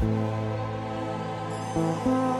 Thank you.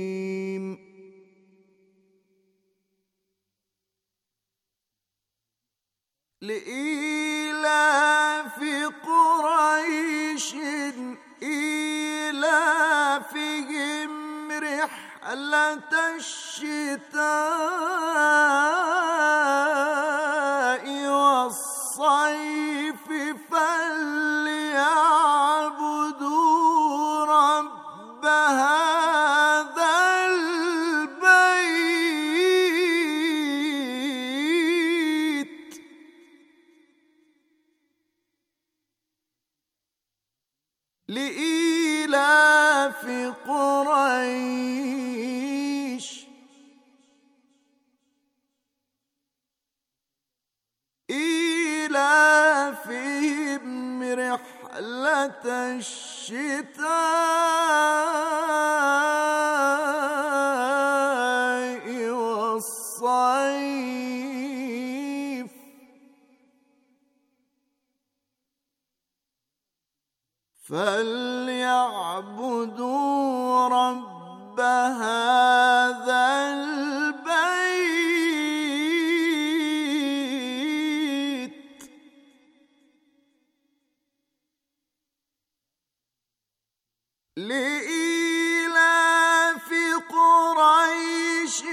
لإيلاف قريش إيلافهم رحلة الشتاء والصيف فليعلم الشتاء والصيف فليعبدوا رب هذا البيت لإيلاف قريش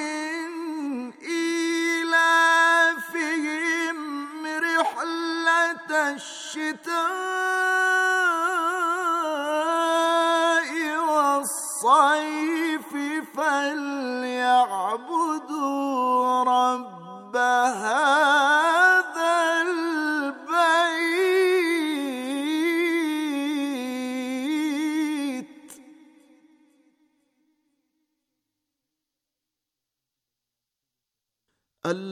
رحلة الشتاء والصيف فليعبدوا رب هذا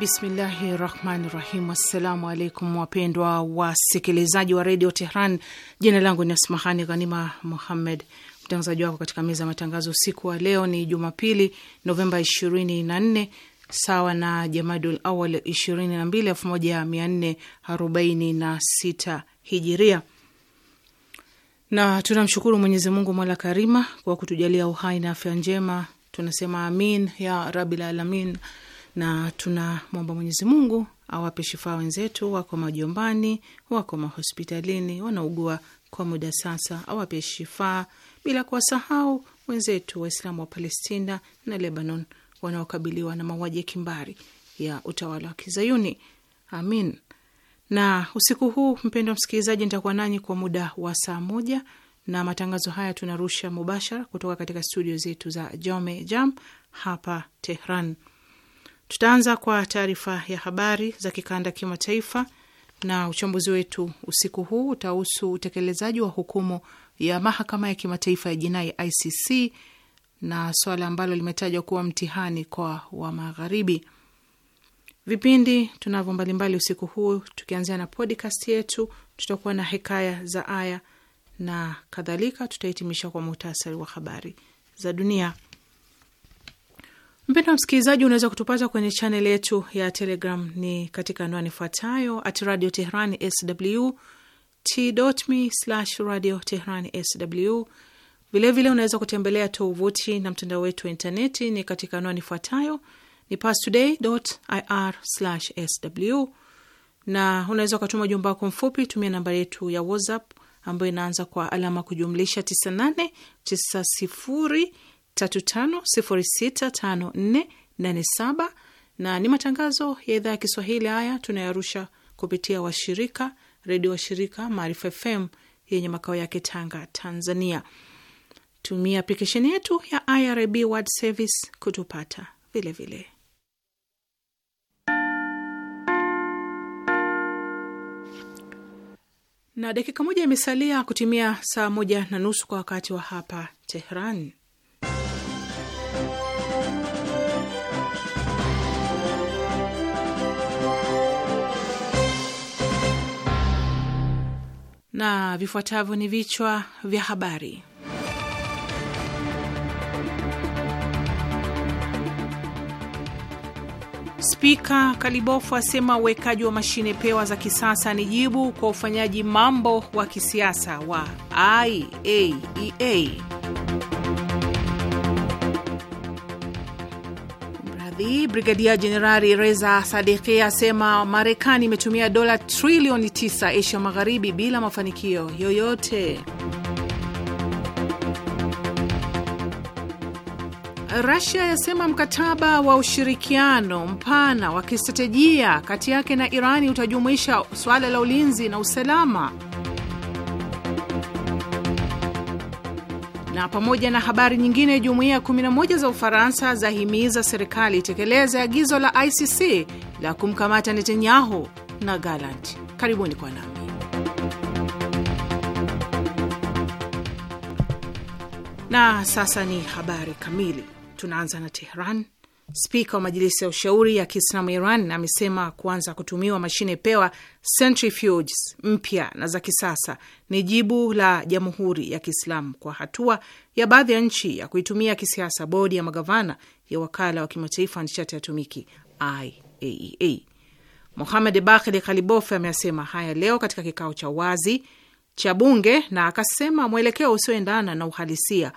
Bismillahi rahmani rahim. Assalamu alaikum wapendwa wasikilizaji wa redio Tehran. Jina langu ni Asmahani Ghanima Muhammed, mtangazaji wako katika meza ya matangazo. Usiku wa leo ni Jumapili, Novemba 24 sawa na Jamadul Awal 22 1446 Hijiria, na tunamshukuru Mwenyezi Mungu mola karima kwa kutujalia uhai na afya njema. Tunasema amin ya rabil alamin na tunamwomba Mwenyezi Mungu awape shifaa wenzetu, wako majumbani, wako mahospitalini, wanaugua kwa muda sasa, awape shifaa, bila kuwasahau wenzetu Waislamu wa Palestina na Lebanon wanaokabiliwa na mauaji ya kimbari ya utawala wa Kizayuni. Amin. Na usiku huu, mpendwa msikilizaji, nitakuwa nanyi kwa muda wa saa moja, na matangazo haya tunarusha mubashara kutoka katika studio zetu za Jome Jam hapa Tehran. Tutaanza kwa taarifa ya habari za kikanda kimataifa, na uchambuzi wetu usiku huu utahusu utekelezaji wa hukumu ya mahakama ya kimataifa ya jinai ICC na swala ambalo limetajwa kuwa mtihani kwa wa Magharibi. Vipindi tunavyo mbalimbali usiku huu, tukianzia na podcast yetu, tutakuwa na hekaya za aya na kadhalika. Tutahitimisha kwa muhtasari wa habari za dunia. Mpendo msikilizaji, unaweza kutupata kwenye chaneli yetu ya Telegram ni katika anwani ifuatayo at radio tehran sw t.me slash radio tehran sw. Vilevile unaweza kutembelea tovuti na mtandao wetu wa intaneti ni katika anwani ifuatayo ni pastoday slash sw, na unaweza ukatuma ujumbe wako mfupi, tumia nambari yetu ya WhatsApp ambayo inaanza kwa alama kujumlisha 98 90 35065487 na ni matangazo ya idhaa ya Kiswahili. Haya tunayarusha kupitia washirika redio washirika Maarifa FM yenye makao yake Tanga, Tanzania. Tumia aplikesheni yetu ya IRIB World Service kutupata vilevile vile. na dakika moja imesalia kutimia saa moja na nusu kwa wakati wa hapa Tehran. na vifuatavyo ni vichwa vya habari. Spika Kalibofu asema uwekaji wa mashine pewa za kisasa ni jibu kwa ufanyaji mambo wa kisiasa wa IAEA. E Magharibi, Brigadia Jenerali Reza Sadiki asema Marekani imetumia dola trilioni 9 Asia Magharibi bila mafanikio yoyote. Rasia yasema mkataba wa ushirikiano mpana wa kistratejia kati yake na Irani utajumuisha suala la ulinzi na usalama. na pamoja na habari nyingine, jumuiya 11 za Ufaransa zahimiza serikali itekeleze agizo la ICC la kumkamata Netanyahu na Gallant. Karibuni kwa nami na sasa ni habari kamili. Tunaanza na teheran Spika wa Majilisi ya Ushauri ya Kiislamu Iran amesema kuanza kutumiwa mashine pewa centrifuges mpya na za kisasa ni jibu la Jamhuri ya Kiislamu kwa hatua ya baadhi ya nchi ya kuitumia kisiasa bodi ya magavana ya wakala wa kimataifa wa nishati ya atomiki IAEA. E Mohamed Bakhli Khalibof ameyasema haya leo katika kikao cha wazi cha bunge na akasema mwelekeo usioendana na uhalisia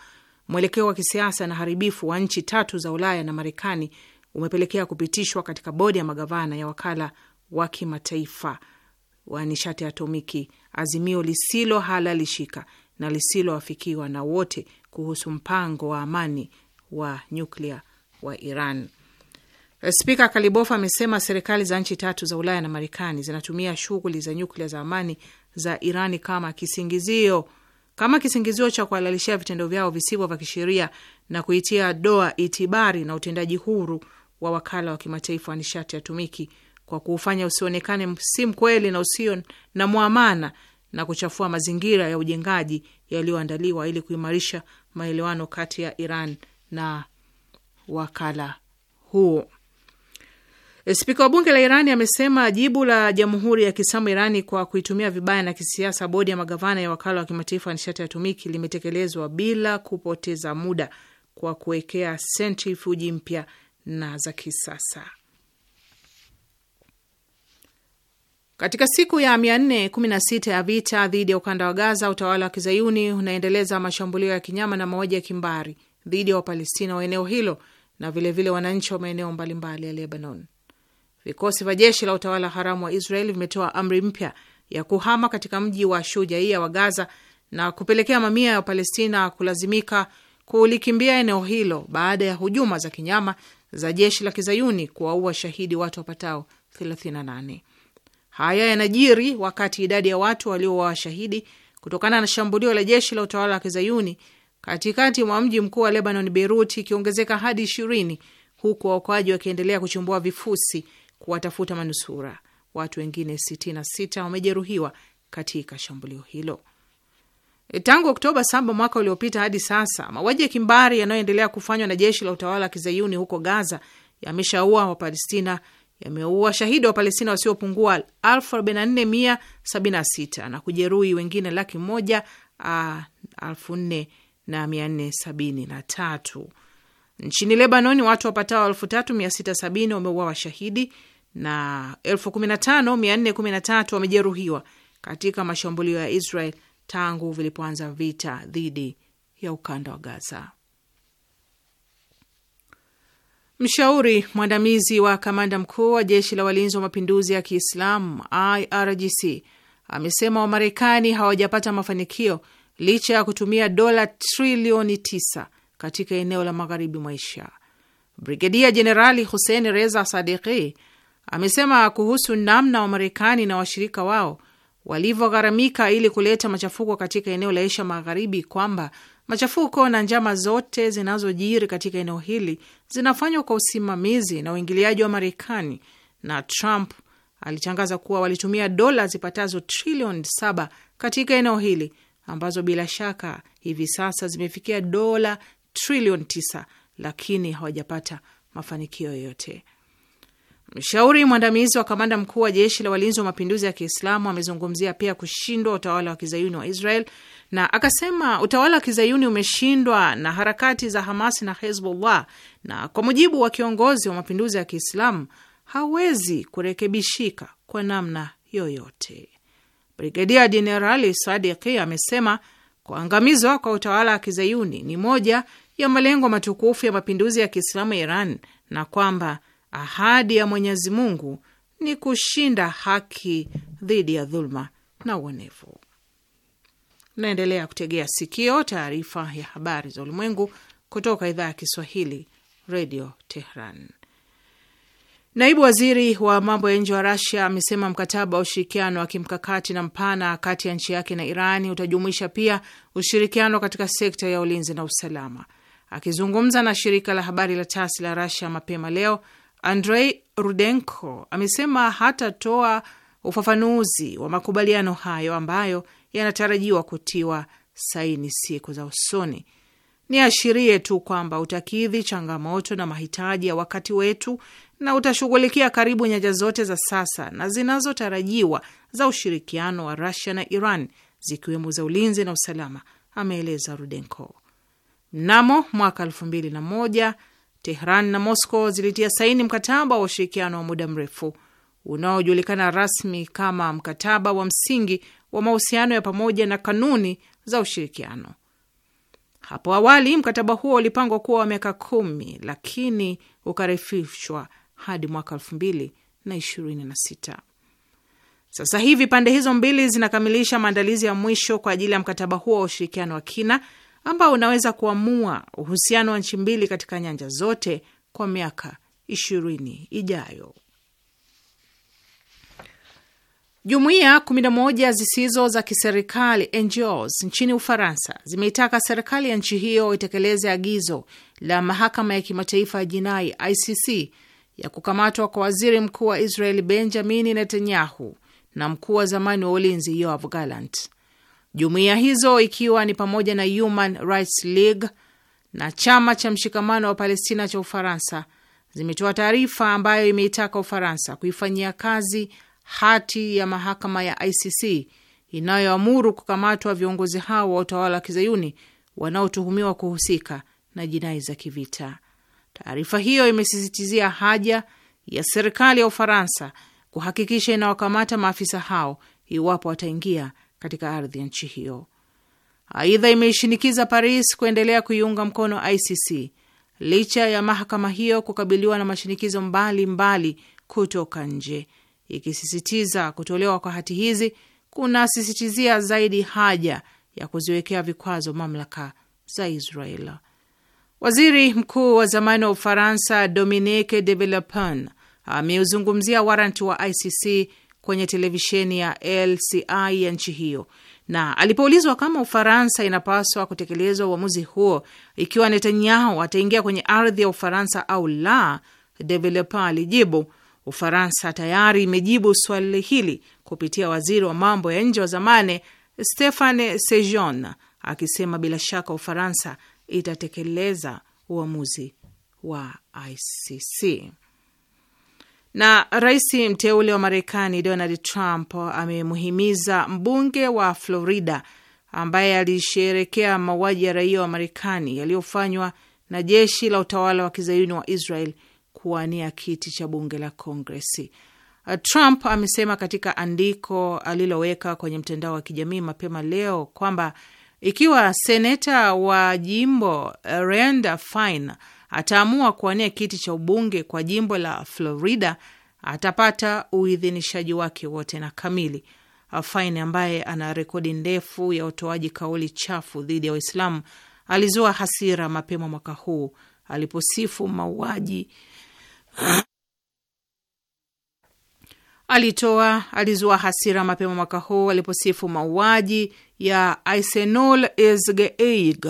Mwelekeo wa kisiasa na haribifu wa nchi tatu za Ulaya na Marekani umepelekea kupitishwa katika bodi ya magavana ya wakala wa kimataifa wa nishati atomiki azimio lisilo halalishika na lisiloafikiwa na wote kuhusu mpango wa amani wa nyuklia wa Iran. Spika Kalibof amesema serikali za nchi tatu za Ulaya na Marekani zinatumia shughuli za nyuklia za amani za Irani kama kisingizio kama kisingizio cha kuhalalishia vitendo vyao visivyo vya kisheria na kuitia doa itibari na utendaji huru wa wakala wa kimataifa wa nishati ya tumiki kwa kuufanya usionekane si mkweli na usio na mwamana na kuchafua mazingira ya ujengaji yaliyoandaliwa ili kuimarisha maelewano kati ya Iran na wakala huo. Spika wa bunge la Irani amesema jibu la jamhuri ya Kiislamu Irani kwa kuitumia vibaya na kisiasa bodi ya magavana ya wakala wa kimataifa wa nishati ya atomiki limetekelezwa bila kupoteza muda kwa kuwekea sentrifuji mpya na za kisasa. Katika siku ya 416 ya vita dhidi ya ukanda wa Gaza, utawala wa kizayuni unaendeleza mashambulio ya kinyama na mauaji ya kimbari dhidi ya Wapalestina wa eneo hilo na vilevile wananchi wa maeneo mbalimbali ya Lebanon. Vikosi vya jeshi la utawala haramu wa Israel vimetoa amri mpya ya kuhama katika mji wa Shujaia wa Gaza na kupelekea mamia ya Palestina kulazimika kulikimbia eneo hilo baada ya hujuma za kinyama za jeshi la kizayuni kuwaua shahidi watu wapatao 38. Haya yanajiri wakati idadi ya watu waliouawa shahidi kutokana na shambulio la jeshi la utawala wa kizayuni katikati mwa mji mkuu wa Lebanon, Beirut, ikiongezeka hadi ishirini huku waokoaji wakiendelea kuchumbua vifusi kuwatafuta manusura. Watu wengine 66 wamejeruhiwa katika shambulio hilo. E, tangu Oktoba 7 mwaka uliopita hadi sasa, mauaji ya kimbari yanayoendelea kufanywa na jeshi la utawala wa kizayuni huko Gaza yameshaua Wapalestina, yameua shahidi wa Palestina wasiopungua 4476 na kujeruhi wengine laki moja elfu nne na mia nne sabini na tatu. Nchini Lebanoni, watu wapatao 3670 wameuawa shahidi na elfu kumi na tano mia nne kumi na tatu wamejeruhiwa katika mashambulio ya Israel tangu vilipoanza vita dhidi ya ukanda wa Gaza. Mshauri mwandamizi wa kamanda mkuu wa jeshi la walinzi wa mapinduzi ya Kiislamu IRGC amesema Wamarekani hawajapata mafanikio licha ya kutumia dola trilioni tisa katika eneo la magharibi mwa Asia. Brigedia Jenerali Hussein Reza Sadiki amesema kuhusu namna Wamarekani na washirika wao walivyogharamika ili kuleta machafuko katika eneo la Asia Magharibi kwamba machafuko na njama zote zinazojiri katika eneo hili zinafanywa kwa usimamizi na uingiliaji wa Marekani, na Trump alitangaza kuwa walitumia dola zipatazo trilioni saba katika eneo hili ambazo bila shaka hivi sasa zimefikia dola trilioni tisa, lakini hawajapata mafanikio yoyote. Mshauri mwandamizi wa kamanda mkuu wa jeshi la walinzi wa mapinduzi ya Kiislamu amezungumzia pia kushindwa utawala wa kizayuni wa Israel na akasema utawala wa kizayuni umeshindwa na harakati za Hamas na Hezbollah, na kwa mujibu wa kiongozi wa mapinduzi ya Kiislamu hawezi kurekebishika kwa namna yoyote. Brigadia Jenerali Sadiki amesema kuangamizwa kwa utawala wa kizayuni ni moja ya malengo matukufu ya mapinduzi ya Kiislamu ya Iran na kwamba Ahadi ya Mwenyezi Mungu ni kushinda haki dhidi ya dhuluma na uonevu. Naendelea kutegea sikio taarifa ya habari za ulimwengu kutoka idhaa ya Kiswahili, Radio Tehran. Naibu waziri wa mambo ya nje wa Rasia amesema mkataba wa ushirikiano wa kimkakati na mpana kati ya nchi yake na Irani utajumuisha pia ushirikiano katika sekta ya ulinzi na usalama. Akizungumza na shirika la habari la TASS la Rasia mapema leo, Andrei Rudenko amesema hatatoa ufafanuzi wa makubaliano hayo ambayo yanatarajiwa kutiwa saini siku za usoni. Ni ashirie tu kwamba utakidhi changamoto na mahitaji ya wakati wetu na utashughulikia karibu nyanja zote za sasa na zinazotarajiwa za ushirikiano wa Rusia na Iran, zikiwemo za ulinzi na usalama, ameeleza Rudenko. Mnamo mwaka elfu mbili na moja Tehran na Moscow zilitia saini mkataba wa ushirikiano wa muda mrefu unaojulikana rasmi kama mkataba wa msingi wa mahusiano ya pamoja na kanuni za ushirikiano. Hapo awali mkataba huo ulipangwa kuwa wa miaka kumi, lakini ukarefishwa hadi mwaka elfu mbili na ishirini na sita. Sasa hivi pande hizo mbili zinakamilisha maandalizi ya mwisho kwa ajili ya mkataba huo wa ushirikiano wa kina ambao unaweza kuamua uhusiano wa nchi mbili katika nyanja zote kwa miaka ishirini ijayo. Jumuiya 11 zisizo za kiserikali NGOs nchini Ufaransa zimeitaka serikali ya nchi hiyo itekeleze agizo la mahakama ya kimataifa ya jinai ICC ya kukamatwa kwa waziri mkuu wa israel Benjamin Netanyahu na mkuu wa zamani wa ulinzi Yoav Gallant. Jumuiya hizo ikiwa ni pamoja na Human Rights League na chama cha mshikamano wa Palestina cha Ufaransa zimetoa taarifa ambayo imeitaka Ufaransa kuifanyia kazi hati ya mahakama ya ICC inayoamuru kukamatwa viongozi hao wa utawala wa kizayuni wanaotuhumiwa kuhusika na jinai za kivita. Taarifa hiyo imesisitizia haja ya serikali ya Ufaransa kuhakikisha inawakamata maafisa hao iwapo wataingia katika ardhi ya nchi hiyo. Aidha, imeishinikiza Paris kuendelea kuiunga mkono ICC licha ya mahakama hiyo kukabiliwa na mashinikizo mbalimbali mbali kutoka nje, ikisisitiza kutolewa kwa hati hizi kunasisitizia zaidi haja ya kuziwekea vikwazo mamlaka za Israel. Waziri mkuu wa zamani wa Ufaransa Dominique de Villepin ameuzungumzia waranti wa ICC kwenye televisheni ya LCI ya nchi hiyo, na alipoulizwa kama Ufaransa inapaswa kutekelezwa uamuzi huo ikiwa Netanyahu ataingia kwenye ardhi ya Ufaransa au la, Developer alijibu, Ufaransa tayari imejibu swali hili kupitia waziri wa mambo ya nje wa zamani Stefane Sejon, akisema bila shaka Ufaransa itatekeleza uamuzi wa ICC. Na rais mteule wa Marekani Donald Trump amemhimiza mbunge wa Florida ambaye alisherekea mauaji ya raia wa Marekani yaliyofanywa na jeshi la utawala wa kizayuni wa Israel kuwania kiti cha bunge la Kongresi. Trump amesema katika andiko aliloweka kwenye mtandao wa kijamii mapema leo kwamba ikiwa seneta wa jimbo Randa Fine ataamua kuwania kiti cha ubunge kwa jimbo la Florida atapata uidhinishaji wake wote na kamili. Fain ambaye ana rekodi ndefu ya utoaji kauli chafu dhidi ya Waislamu alizua hasira mapema mwaka huu aliposifu mauaji alitoa alizua hasira mapema mwaka huu aliposifu mauaji ya Aisenul Ezgeig,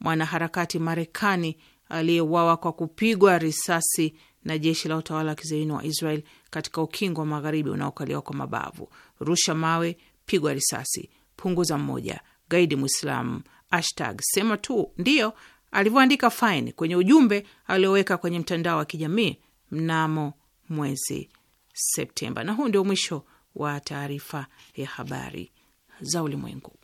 mwanaharakati Marekani aliyeuawa kwa kupigwa risasi na jeshi la utawala wa kizayuni wa Israel katika ukingo wa magharibi unaokaliwa kwa mabavu. Rusha mawe, pigwa risasi, punguza mmoja, gaidi Mwislamu, hashtag sema tu ndiyo, alivyoandika Fine kwenye ujumbe alioweka kwenye mtandao wa kijamii mnamo mwezi Septemba. Na huu ndio mwisho wa taarifa ya habari za ulimwengu.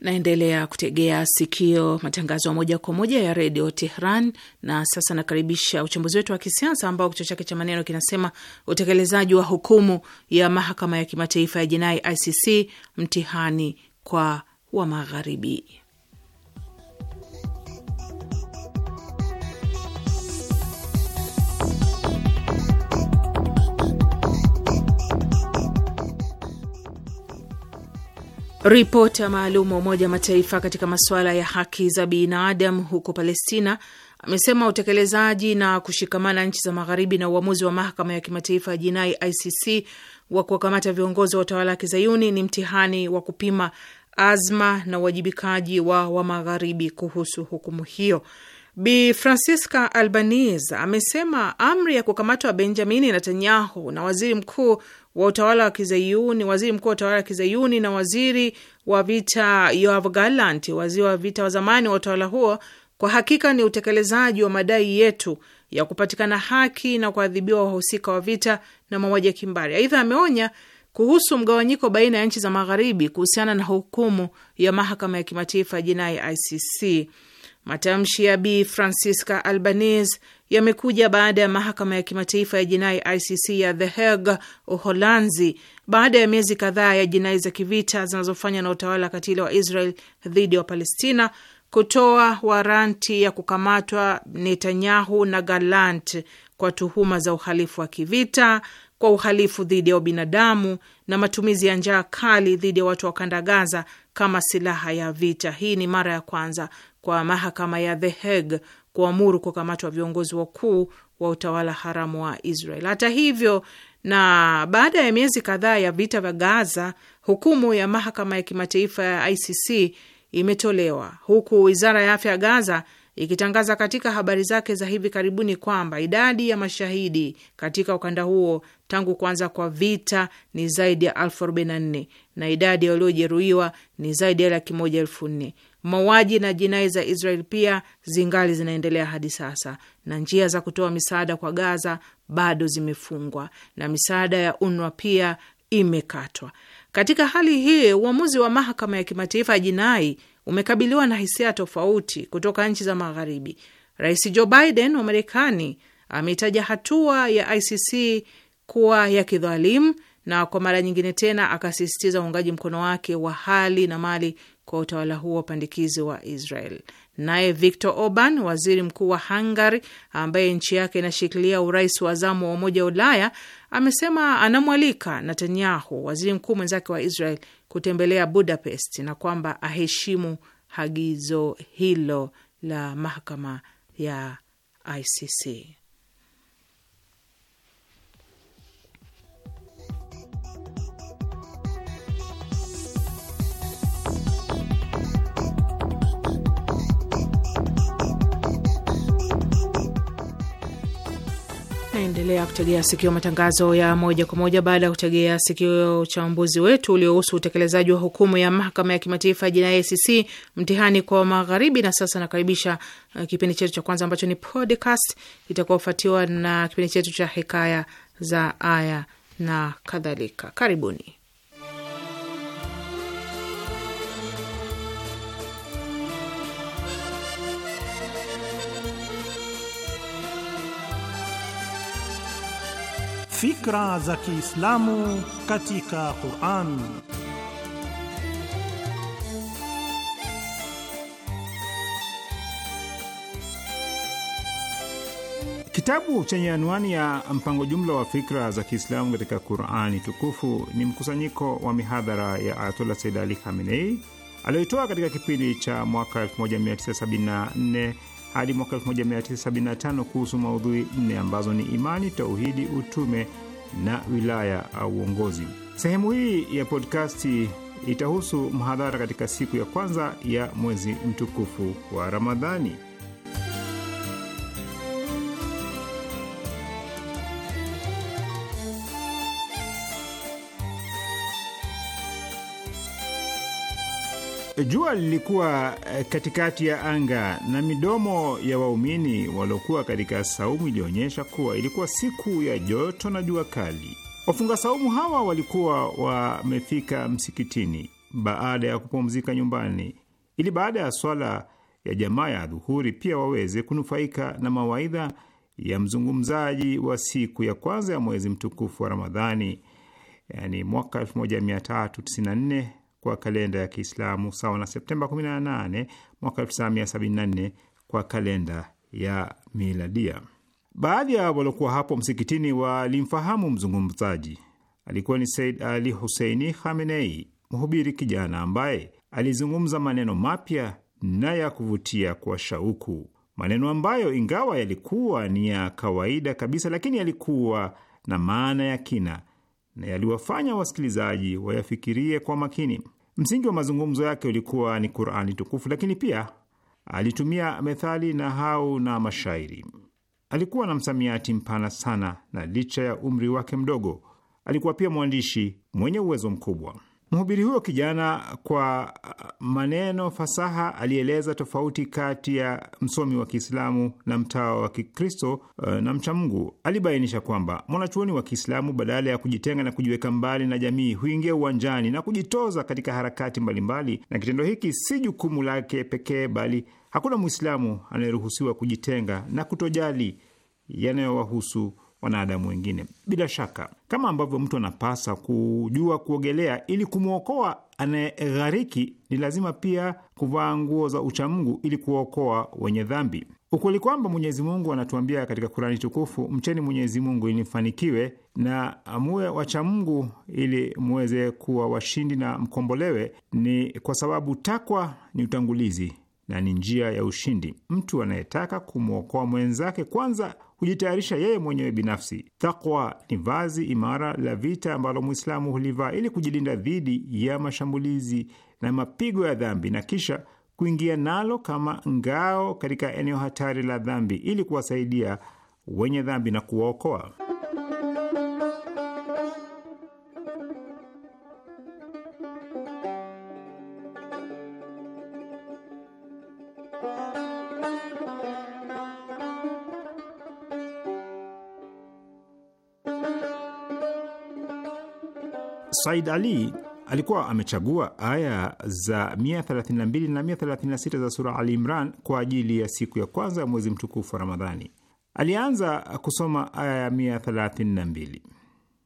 Naendelea kutegea sikio matangazo ya moja kwa moja ya redio Tehran. Na sasa nakaribisha uchambuzi wetu wa kisiasa ambao kichwa chake cha maneno kinasema utekelezaji wa hukumu ya mahakama ya kimataifa ya jinai ICC mtihani kwa wa Magharibi. Ripota maalum wa Umoja wa Mataifa katika masuala ya haki za binadamu huko Palestina amesema utekelezaji na kushikamana nchi za magharibi na uamuzi wa mahakama ya kimataifa ya jinai ICC wa kuwakamata viongozi wa utawala wa kizayuni ni mtihani wa kupima azma na uwajibikaji wa wa magharibi kuhusu hukumu hiyo. Bi Francisca Albanese amesema amri ya kukamatwa Benjamini Netanyahu na waziri mkuu wa utawala wa Kizayuni, waziri mkuu wa utawala wa Kizayuni na waziri wa vita Yoav Gallant, waziri wa vita wa zamani wa utawala huo, kwa hakika ni utekelezaji wa madai yetu ya kupatikana haki na kuadhibiwa wahusika wa vita na mauaji ya kimbari. Aidha, ameonya kuhusu mgawanyiko baina ya nchi za magharibi kuhusiana na hukumu ya mahakama ya kimataifa ya jinai ICC. Matamshi ya Bi Francisca Albanese yamekuja baada ya mahakama ya kimataifa ya jinai ICC ya The Hague, Uholanzi, baada ya miezi kadhaa ya jinai za kivita zinazofanywa na utawala katili wa Israel dhidi ya Wapalestina kutoa waranti ya kukamatwa Netanyahu na Galant kwa tuhuma za uhalifu wa kivita, kwa uhalifu dhidi ya ubinadamu na matumizi ya njaa kali dhidi ya watu wa ukanda Gaza kama silaha ya vita. Hii ni mara ya kwanza kwa mahakama ya The Hague kuamuru kukamatwa viongozi wakuu wa utawala haramu wa Israel. Hata hivyo, na baada ya miezi kadhaa ya vita vya Gaza, hukumu ya mahakama ya kimataifa ya ICC imetolewa huku wizara ya afya ya Gaza ikitangaza katika habari zake za hivi karibuni kwamba idadi ya mashahidi katika ukanda huo tangu kuanza kwa vita ni zaidi ya elfu arobaini na nne na idadi ya waliojeruhiwa ni zaidi ya laki moja elfu nne. Mauaji na jinai za Israel pia zingali zinaendelea hadi sasa, na njia za kutoa misaada kwa Gaza bado zimefungwa na misaada ya UNWA pia imekatwa. Katika hali hii, uamuzi wa mahakama ya kimataifa ya jinai umekabiliwa na hisia tofauti kutoka nchi za Magharibi. Rais Joe Biden wa Marekani ameitaja hatua ya ICC kuwa ya kidhalimu na kwa mara nyingine tena akasisitiza uungaji mkono wake wa hali na mali kwa utawala huo wa upandikizi wa Israel. Naye Viktor Orban, waziri mkuu wa Hungary ambaye nchi yake inashikilia urais wa zamu wa Umoja wa Ulaya, amesema anamwalika Netanyahu, waziri mkuu mwenzake wa Israel, kutembelea Budapest na kwamba aheshimu agizo hilo la mahakama ya ICC. naendelea kutegea sikio matangazo ya moja kwa moja baada ya kutegea sikio ya uchambuzi wetu uliohusu utekelezaji wa hukumu ya mahakama ya kimataifa ya jinai ICC mtihani kwa magharibi. Na sasa nakaribisha uh, kipindi chetu cha kwanza ambacho ni podcast, itakuwa na kipindi chetu cha hekaya za aya na kadhalika. Karibuni. Fikra za Kiislamu katika Qur'an. Kitabu chenye anwani ya mpango jumla wa fikra za Kiislamu katika Qur'ani tukufu ni mkusanyiko wa mihadhara ya Ayatollah Said Ali Khamenei aliyoitoa katika kipindi cha mwaka 1974 hadi mwaka 1975 kuhusu maudhui nne ambazo ni imani, tauhidi, utume na wilaya au uongozi. Sehemu hii ya podkasti itahusu mhadhara katika siku ya kwanza ya mwezi mtukufu wa Ramadhani. Jua lilikuwa eh, katikati ya anga na midomo ya waumini waliokuwa katika saumu ilionyesha kuwa ilikuwa siku ya joto na jua kali. Wafunga saumu hawa walikuwa wamefika msikitini baada ya kupumzika nyumbani, ili baada ya swala ya jamaa ya dhuhuri pia waweze kunufaika na mawaidha ya mzungumzaji wa siku ya kwanza ya mwezi mtukufu wa Ramadhani, yani mwaka 1394 kwa kalenda ya Kiislamu sawa na Septemba 18 mwaka 1974 kwa kalenda ya miladia. Baadhi ya waliokuwa hapo msikitini walimfahamu mzungumzaji. Alikuwa ni Said Ali Huseini Khamenei, mhubiri kijana ambaye alizungumza maneno mapya na ya kuvutia kwa shauku, maneno ambayo ingawa yalikuwa ni ya kawaida kabisa, lakini yalikuwa na maana ya kina na yaliwafanya wasikilizaji wayafikirie kwa makini. Msingi wa mazungumzo yake ulikuwa ni Qurani tukufu, lakini pia alitumia methali, nahau na mashairi. Alikuwa na msamiati mpana sana, na licha ya umri wake mdogo, alikuwa pia mwandishi mwenye uwezo mkubwa. Mhubiri huyo kijana kwa maneno fasaha alieleza tofauti kati ya msomi wa Kiislamu na mtawa wa Kikristo eh, na mcha Alibainisha kwamba mwanachuoni wa Kiislamu badala ya kujitenga na kujiweka mbali na jamii huingia uwanjani na kujitoza katika harakati mbalimbali, na kitendo hiki si jukumu lake pekee, bali hakuna Mwislamu anayeruhusiwa kujitenga na kutojali yanayowahusu wanadamu wengine. Bila shaka, kama ambavyo mtu anapasa kujua kuogelea ili kumwokoa anayeghariki, ni lazima pia kuvaa nguo za uchamungu ili kuwaokoa wenye dhambi. Ukweli kwamba Mwenyezi Mungu anatuambia katika Kurani tukufu, mcheni Mwenyezi Mungu ili mfanikiwe na muwe wachamungu ili muweze kuwa washindi na mkombolewe, ni kwa sababu takwa ni utangulizi na ni njia ya ushindi. Mtu anayetaka kumwokoa mwenzake kwanza hujitayarisha yeye mwenyewe binafsi. Takwa ni vazi imara la vita ambalo Mwislamu hulivaa ili kujilinda dhidi ya mashambulizi na mapigo ya dhambi na kisha kuingia nalo kama ngao katika eneo hatari la dhambi ili kuwasaidia wenye dhambi na kuwaokoa. Said Ali alikuwa amechagua aya za 132 na 136 za sura Ali Imran kwa ajili ya siku ya kwanza ya mwezi mtukufu wa Ramadhani. Alianza kusoma aya ya 132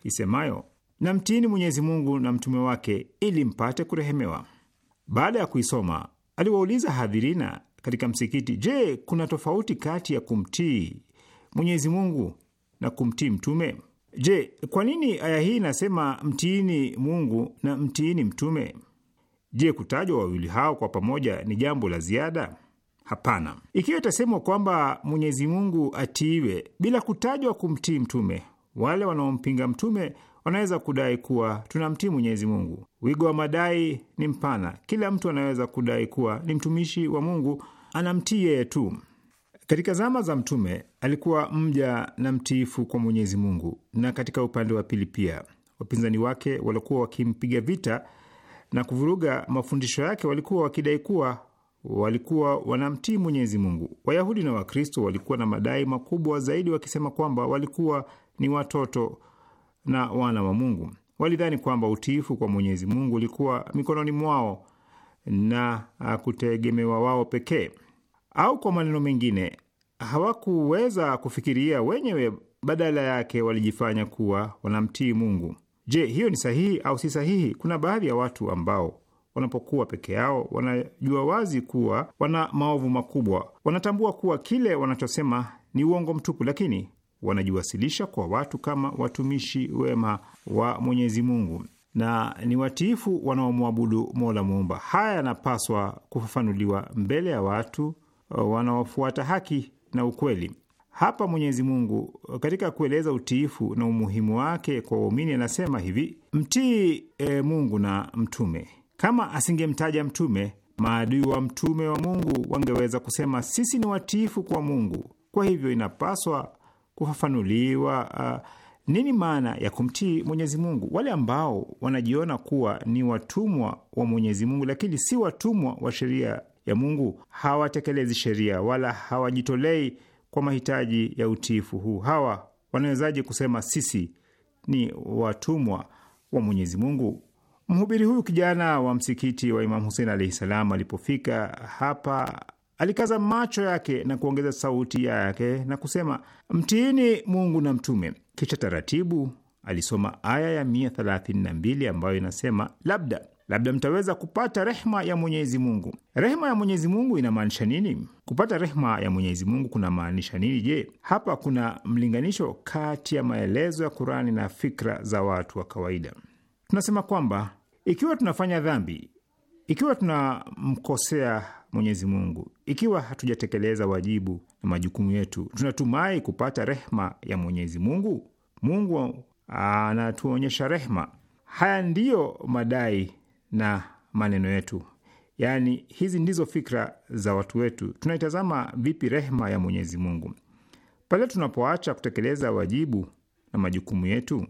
isemayo, na mtiini Mwenyezi Mungu na mtume wake ili mpate kurehemewa. Baada ya kuisoma, aliwauliza hadhirina katika msikiti, je, kuna tofauti kati ya kumtii Mwenyezi Mungu na kumtii mtume? Je, kwa nini aya hii inasema mtiini Mungu na mtiini mtume? Je, kutajwa wawili hao kwa pamoja ni jambo la ziada? Hapana. Ikiwa itasemwa kwamba Mwenyezi Mungu atiiwe bila kutajwa kumtii mtume, wale wanaompinga mtume wanaweza kudai kuwa tunamtii Mwenyezi Mungu. Wigo wa madai ni mpana, kila mtu anaweza kudai kuwa ni mtumishi wa Mungu, anamtii yeye tu. Katika zama za Mtume alikuwa mja na mtiifu kwa Mwenyezi Mungu, na katika upande wa pili pia wapinzani wake waliokuwa wakimpiga vita na kuvuruga mafundisho yake walikuwa wakidai kuwa walikuwa wanamtii Mwenyezi Mungu. Wayahudi na Wakristo walikuwa na madai makubwa zaidi, wakisema kwamba walikuwa ni watoto na wana wa Mungu. Walidhani kwamba utiifu kwa Mwenyezi Mungu ulikuwa mikononi mwao na kutegemewa wao pekee. Au kwa maneno mengine, hawakuweza kufikiria wenyewe, badala yake walijifanya kuwa wanamtii Mungu. Je, hiyo ni sahihi au si sahihi? Kuna baadhi ya watu ambao wanapokuwa peke yao wanajua wazi kuwa wana maovu makubwa, wanatambua kuwa kile wanachosema ni uongo mtupu, lakini wanajiwasilisha kwa watu kama watumishi wema wa Mwenyezi Mungu na ni watiifu wanaomwabudu Mola Muumba. Haya yanapaswa kufafanuliwa mbele ya watu wanaofuata haki na ukweli. Hapa Mwenyezi Mungu katika kueleza utiifu na umuhimu wake kwa waumini anasema hivi: mtii e, Mungu na mtume. Kama asingemtaja mtume, maadui wa mtume wa Mungu wangeweza kusema sisi ni watiifu kwa Mungu. Kwa hivyo inapaswa kufafanuliwa uh, nini maana ya kumtii Mwenyezi Mungu. Wale ambao wanajiona kuwa ni watumwa wa Mwenyezi Mungu, lakini si watumwa wa sheria ya Mungu hawatekelezi sheria wala hawajitolei kwa mahitaji ya utiifu huu. Hawa wanawezaje kusema sisi ni watumwa wa Mwenyezi Mungu? Mhubiri huyu kijana wa msikiti wa Imam Husein alaihi salam alipofika hapa alikaza macho yake na kuongeza sauti yake na kusema, mtiini Mungu na mtume. Kisha taratibu alisoma aya ya mia ambayo inasema labda labda mtaweza kupata rehma ya Mwenyezi Mungu. Rehma ya Mwenyezi Mungu inamaanisha nini? Kupata rehma ya Mwenyezi Mungu kunamaanisha nini? Je, hapa kuna mlinganisho kati ya maelezo ya Kurani na fikra za watu wa kawaida. Tunasema kwamba ikiwa tunafanya dhambi, ikiwa tunamkosea Mwenyezi Mungu, ikiwa hatujatekeleza wajibu na majukumu yetu, tunatumai kupata rehma ya Mwenyezi Mungu. Mungu anatuonyesha rehma. Haya ndiyo madai na maneno yetu. Yaani, hizi ndizo fikra za watu wetu. Tunaitazama vipi rehma ya Mwenyezi Mungu pale tunapoacha kutekeleza wajibu na majukumu yetu,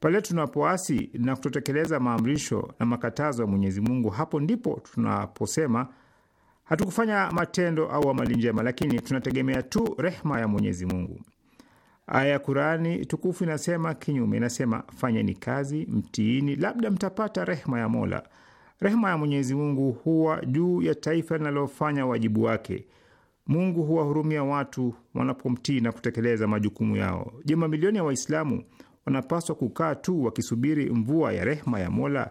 pale tunapoasi na kutotekeleza maamrisho na makatazo ya Mwenyezi Mungu, hapo ndipo tunaposema hatukufanya matendo au amali njema, lakini tunategemea tu rehma ya Mwenyezi Mungu. Aya ya Kurani tukufu inasema kinyume, inasema fanyeni kazi, mtiini, labda mtapata rehma ya Mola. Rehma ya Mwenyezi Mungu huwa juu ya taifa linalofanya wajibu wake. Mungu huwahurumia watu wanapomtii na kutekeleza majukumu yao. Je, mamilioni ya Waislamu wanapaswa kukaa tu wakisubiri mvua ya rehma ya Mola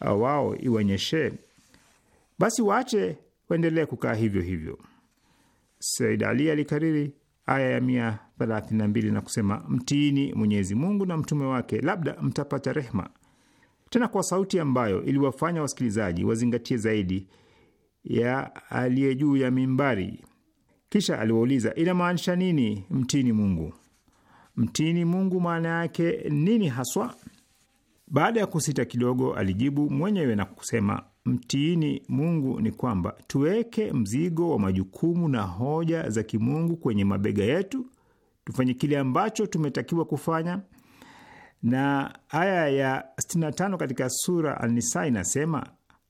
uh, wao iwanyeshe? Basi waache waendelee kukaa hivyo hivyo. Said Ali alikariri aya ya mia thelathini na mbili na kusema, mtiini Mwenyezi Mungu na mtume wake, labda mtapata rehma. Tena kwa sauti ambayo iliwafanya wasikilizaji wazingatie zaidi ya aliye juu ya mimbari. Kisha aliwauliza inamaanisha nini mtini Mungu? Mtini Mungu maana yake nini haswa? Baada ya kusita kidogo, alijibu mwenyewe na kusema mtiini Mungu ni kwamba tuweke mzigo wa majukumu na hoja za kimungu kwenye mabega yetu, tufanye kile ambacho tumetakiwa kufanya. Na aya ya 65 katika sura An-Nisa inasema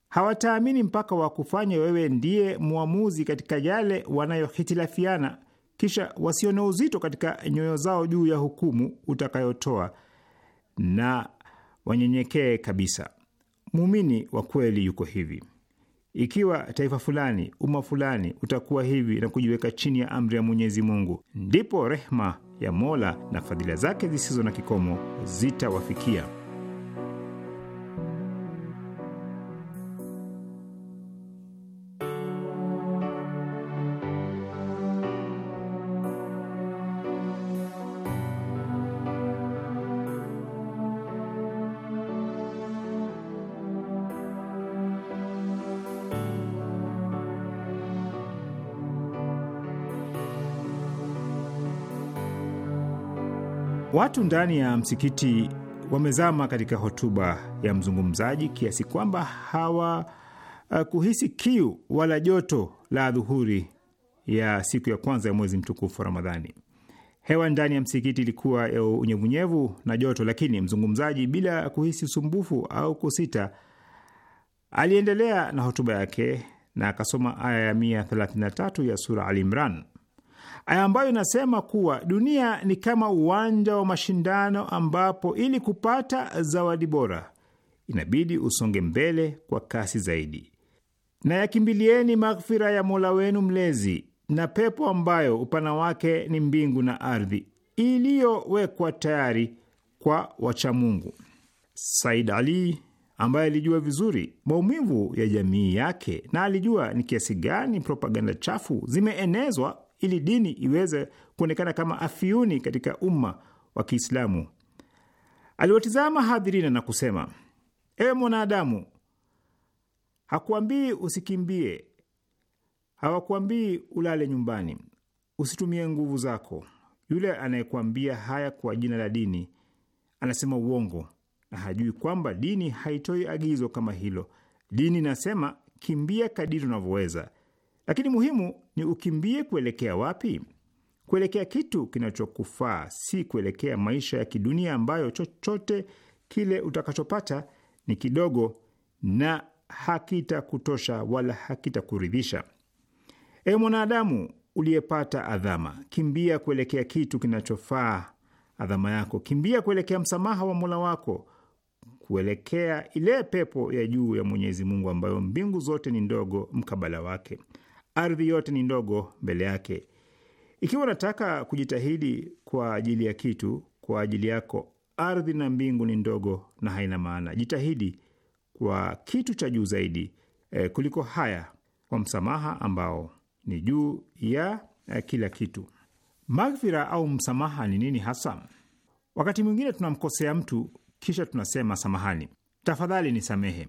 hawataamini mpaka wakufanye wewe ndiye mwamuzi katika yale wanayohitilafiana, kisha wasione uzito katika nyoyo zao juu ya hukumu utakayotoa, na wanyenyekee kabisa. Muumini wa kweli yuko hivi: ikiwa taifa fulani, umma fulani utakuwa hivi na kujiweka chini ya amri ya Mwenyezi Mungu, ndipo rehma ya Mola na fadhila zake zisizo na kikomo zitawafikia. Watu ndani ya msikiti wamezama katika hotuba ya mzungumzaji kiasi kwamba hawa uh, kuhisi kiu wala joto la dhuhuri ya siku ya kwanza ya mwezi mtukufu wa Ramadhani. Hewa ndani ya msikiti ilikuwa ya unyevunyevu na joto, lakini mzungumzaji, bila kuhisi usumbufu au kusita, aliendelea na hotuba yake na akasoma aya ya 133 ya sura Al Imran ambayo inasema kuwa dunia ni kama uwanja wa mashindano ambapo ili kupata zawadi bora inabidi usonge mbele kwa kasi zaidi. Na yakimbilieni maghfira ya Mola wenu mlezi na pepo ambayo upana wake ni mbingu na ardhi iliyowekwa tayari kwa wachamungu. Said Ali ambaye alijua vizuri maumivu ya jamii yake na alijua ni kiasi gani propaganda chafu zimeenezwa ili dini iweze kuonekana kama afyuni katika umma wa Kiislamu. Aliwatizama hadhirina na kusema, ewe mwanadamu, hakuambii usikimbie, hawakuambii ulale nyumbani, usitumie nguvu zako. Yule anayekuambia haya kwa jina la dini anasema uongo na hajui kwamba dini haitoi agizo kama hilo. Dini inasema kimbia kadiri unavyoweza, lakini muhimu ni ukimbie kuelekea wapi? Kuelekea kitu kinachokufaa, si kuelekea maisha ya kidunia ambayo chochote kile utakachopata ni kidogo na hakitakutosha wala hakitakuridhisha. Ewe mwanadamu uliyepata adhama, kimbia kuelekea kitu kinachofaa adhama yako. Kimbia kuelekea msamaha wa Mola wako, kuelekea ile pepo ya juu ya Mwenyezi Mungu ambayo mbingu zote ni ndogo mkabala wake ardhi yote ni ndogo mbele yake. Ikiwa unataka kujitahidi kwa ajili ya kitu, kwa ajili yako ardhi na mbingu ni ndogo na haina maana. Jitahidi kwa kitu cha juu zaidi e, kuliko haya, kwa msamaha ambao ni juu ya e, kila kitu. Maghfira au msamaha ni nini hasa? Wakati mwingine tunamkosea mtu kisha tunasema samahani, tafadhali nisamehe,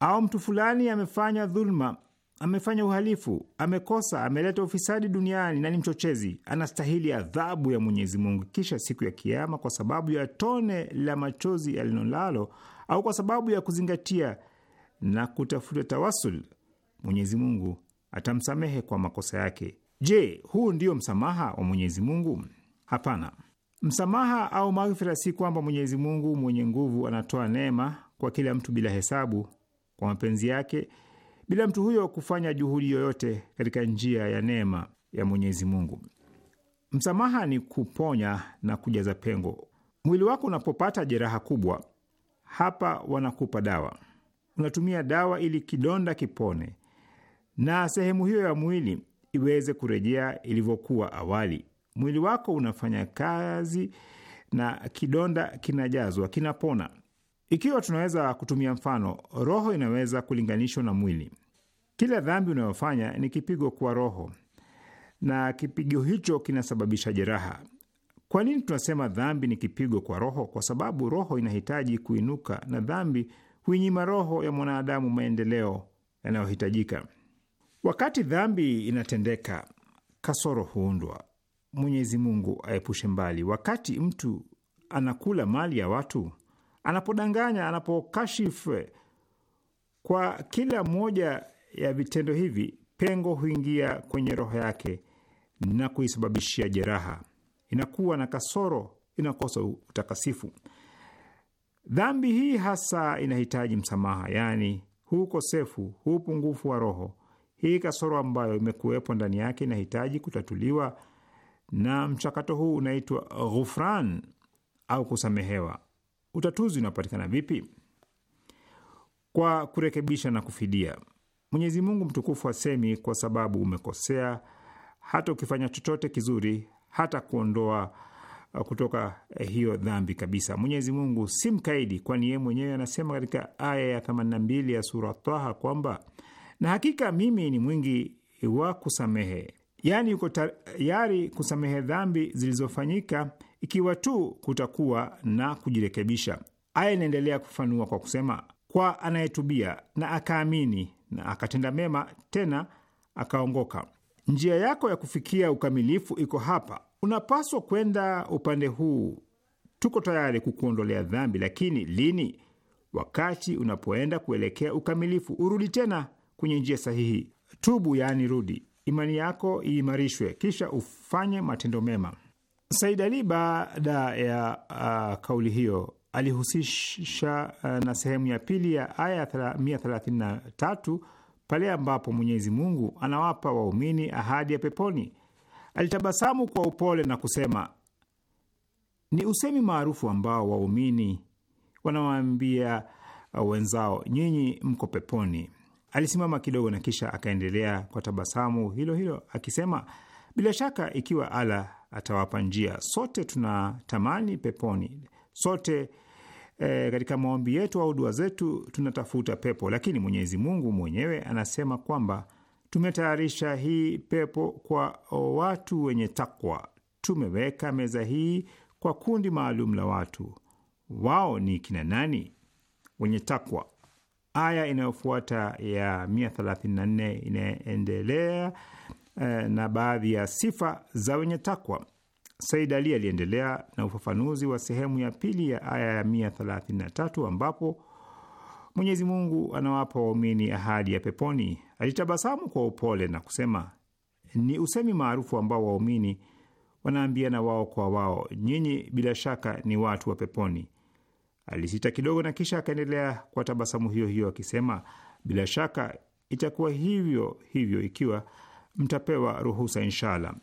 au mtu fulani amefanya dhuluma amefanya uhalifu, amekosa, ameleta ufisadi duniani na ni mchochezi, anastahili adhabu ya Mwenyezi Mungu kisha siku ya Kiama kwa sababu ya tone la machozi alinolalo au kwa sababu ya kuzingatia na kutafuta tawasul, Mwenyezi Mungu atamsamehe kwa makosa yake. Je, huu ndio msamaha wa Mwenyezi Mungu? Hapana. Msamaha au maghfira si kwamba Mwenyezi Mungu mwenye nguvu anatoa neema kwa kila mtu bila hesabu kwa mapenzi yake bila mtu huyo kufanya juhudi yoyote katika njia ya neema ya Mwenyezi Mungu. Msamaha ni kuponya na kujaza pengo. Mwili wako unapopata jeraha kubwa, hapa wanakupa dawa, unatumia dawa ili kidonda kipone na sehemu hiyo ya mwili iweze kurejea ilivyokuwa awali. Mwili wako unafanya kazi na kidonda kinajazwa, kinapona. Ikiwa tunaweza kutumia mfano, roho inaweza kulinganishwa na mwili. Kila dhambi unayofanya ni kipigo kwa roho, na kipigo hicho kinasababisha jeraha. Kwa nini tunasema dhambi ni kipigo kwa roho? Kwa sababu roho inahitaji kuinuka na dhambi huinyima roho ya mwanadamu maendeleo yanayohitajika. Wakati dhambi inatendeka, kasoro huundwa. Mwenyezi Mungu aepushe mbali. Wakati mtu anakula mali ya watu Anapodanganya, anapokashif kwa kila moja ya vitendo hivi, pengo huingia kwenye roho yake na kuisababishia jeraha, inakuwa na kasoro, inakosa utakasifu. Dhambi hii hasa inahitaji msamaha, yaani huu ukosefu, huu upungufu wa roho, hii kasoro ambayo imekuwepo ndani yake inahitaji kutatuliwa, na mchakato huu unaitwa ghufran au kusamehewa. Utatuzi unapatikana vipi? Kwa kurekebisha na kufidia. Mwenyezi Mungu mtukufu asemi, kwa sababu umekosea, hata ukifanya chochote kizuri, hata kuondoa uh, kutoka eh, hiyo dhambi kabisa. Mwenyezi Mungu si mkaidi, kwani yeye mwenyewe anasema katika aya ya 82 ya sura Taha kwamba na hakika mimi ni mwingi wa kusamehe, yaani yuko tayari kusamehe dhambi zilizofanyika ikiwa tu kutakuwa na kujirekebisha. Aya inaendelea kufanua kwa kusema, kwa anayetubia na akaamini na akatenda mema tena akaongoka, njia yako ya kufikia ukamilifu iko hapa. Unapaswa kwenda upande huu, tuko tayari kukuondolea dhambi. Lakini lini? Wakati unapoenda kuelekea ukamilifu. Urudi tena kwenye njia sahihi. Tubu, yaani rudi, imani yako iimarishwe, kisha ufanye matendo mema. Said Ali baada ya uh, kauli hiyo alihusisha uh, na sehemu ya pili ya aya 133 pale ambapo Mwenyezi Mungu anawapa waumini ahadi ya peponi. Alitabasamu kwa upole na kusema, ni usemi maarufu ambao waumini wanawaambia wenzao, nyinyi mko peponi. Alisimama kidogo na kisha akaendelea kwa tabasamu hilo hilo akisema, bila shaka ikiwa Allah atawapa njia. Sote tunatamani peponi, sote E, katika maombi yetu au dua zetu tunatafuta pepo, lakini Mwenyezi Mungu mwenyewe anasema kwamba tumetayarisha hii pepo kwa watu wenye takwa. Tumeweka meza hii kwa kundi maalum la watu. Wao ni kina nani? Wenye takwa. Aya inayofuata ya 134 inaendelea Eh, na baadhi ya sifa za wenye takwa. Said Ali aliendelea na ufafanuzi wa sehemu ya pili ya aya ya tatu ambapo Mwenyezi Mungu anawapa waumini ahadi ya peponi. Alitabasamu kwa upole na kusema, ni usemi maarufu ambao waumini wanaambiana wao kwa wao, nyinyi bila shaka ni watu wa peponi. Alisita kidogo na kisha akaendelea kwa tabasamu hiyo hiyo akisema, bila shaka itakuwa hivyo hivyo ikiwa mtapewa ruhusa inshallah.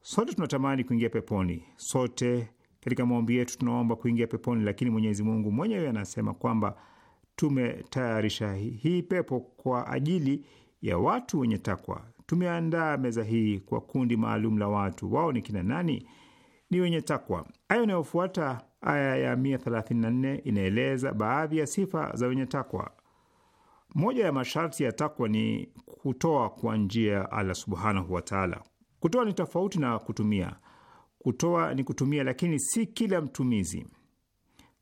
Sote tunatamani kuingia peponi, sote katika maombi yetu tunaomba kuingia peponi, lakini Mwenyezi Mungu mwenyewe anasema kwamba tumetayarisha hii pepo kwa ajili ya watu wenye takwa. Tumeandaa meza hii kwa kundi maalum la watu. Wao ni kina nani? Ni wenye takwa. Aya inayofuata aya ya 134 inaeleza baadhi ya sifa za wenye takwa. Moja ya masharti ya takwa ni kutoa kwa njia ya Allah subhanahu wataala. Kutoa ni tofauti na kutumia. Kutoa ni kutumia, lakini si kila mtumizi.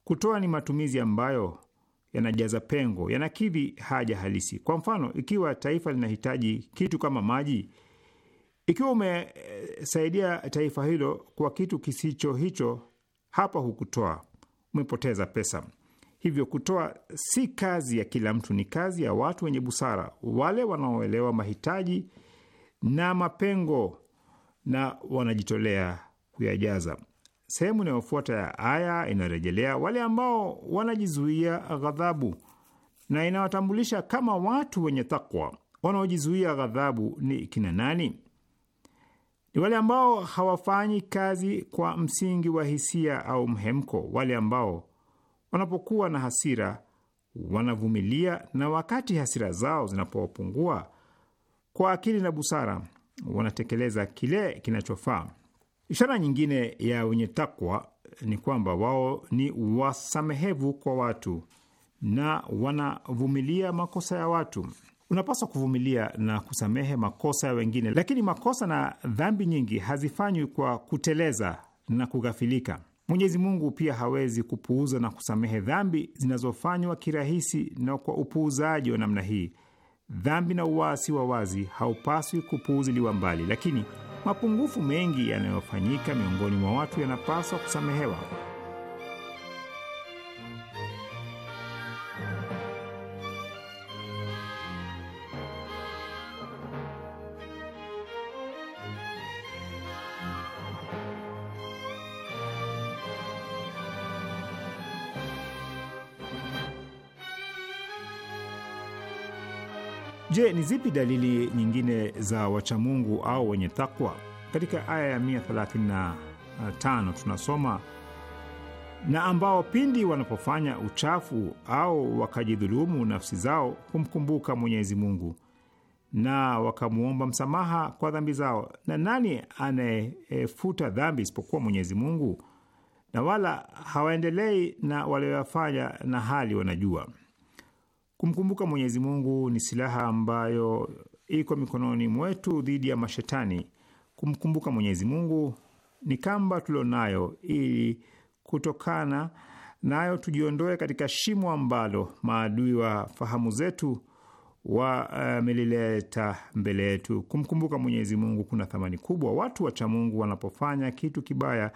Kutoa ni matumizi ambayo yanajaza pengo, yanakidhi haja halisi. Kwa mfano, ikiwa taifa linahitaji kitu kama maji, ikiwa umesaidia taifa hilo kwa kitu kisicho hicho, hapa hukutoa, umepoteza pesa. Hivyo kutoa si kazi ya kila mtu, ni kazi ya watu wenye busara, wale wanaoelewa mahitaji na mapengo na wanajitolea kuyajaza. Sehemu inayofuata ya aya inarejelea wale ambao wanajizuia ghadhabu na inawatambulisha kama watu wenye takwa. Wanaojizuia ghadhabu ni kina nani? Ni wale ambao hawafanyi kazi kwa msingi wa hisia au mhemko, wale ambao Wanapokuwa na hasira wanavumilia, na wakati hasira zao zinapopungua, kwa akili na busara wanatekeleza kile kinachofaa. Ishara nyingine ya wenye takwa ni kwamba wao ni wasamehevu kwa watu na wanavumilia makosa ya watu. Unapaswa kuvumilia na kusamehe makosa ya wengine, lakini makosa na dhambi nyingi hazifanywi kwa kuteleza na kughafilika. Mwenyezi Mungu pia hawezi kupuuza na kusamehe dhambi zinazofanywa kirahisi na kwa upuuzaji wa namna hii. Dhambi na uasi wa wazi haupaswi kupuuziliwa mbali, lakini mapungufu mengi yanayofanyika miongoni mwa watu yanapaswa kusamehewa. Je, ni zipi dalili nyingine za wachamungu au wenye takwa? Katika aya ya 135 tunasoma na ambao pindi wanapofanya uchafu au wakajidhulumu nafsi zao humkumbuka Mwenyezi Mungu na wakamwomba msamaha kwa dhambi zao, na nani anayefuta dhambi isipokuwa Mwenyezi Mungu? Na wala hawaendelei na walioyafanya na hali wanajua. Kumkumbuka Mwenyezi Mungu ni silaha ambayo iko mikononi mwetu dhidi ya mashetani. Kumkumbuka Mwenyezi Mungu ni kamba tulionayo ili kutokana nayo tujiondoe katika shimo ambalo maadui wa fahamu zetu wamelileta uh, mbele yetu. Kumkumbuka Mwenyezi Mungu kuna thamani kubwa. Watu wacha Mungu wanapofanya kitu kibaya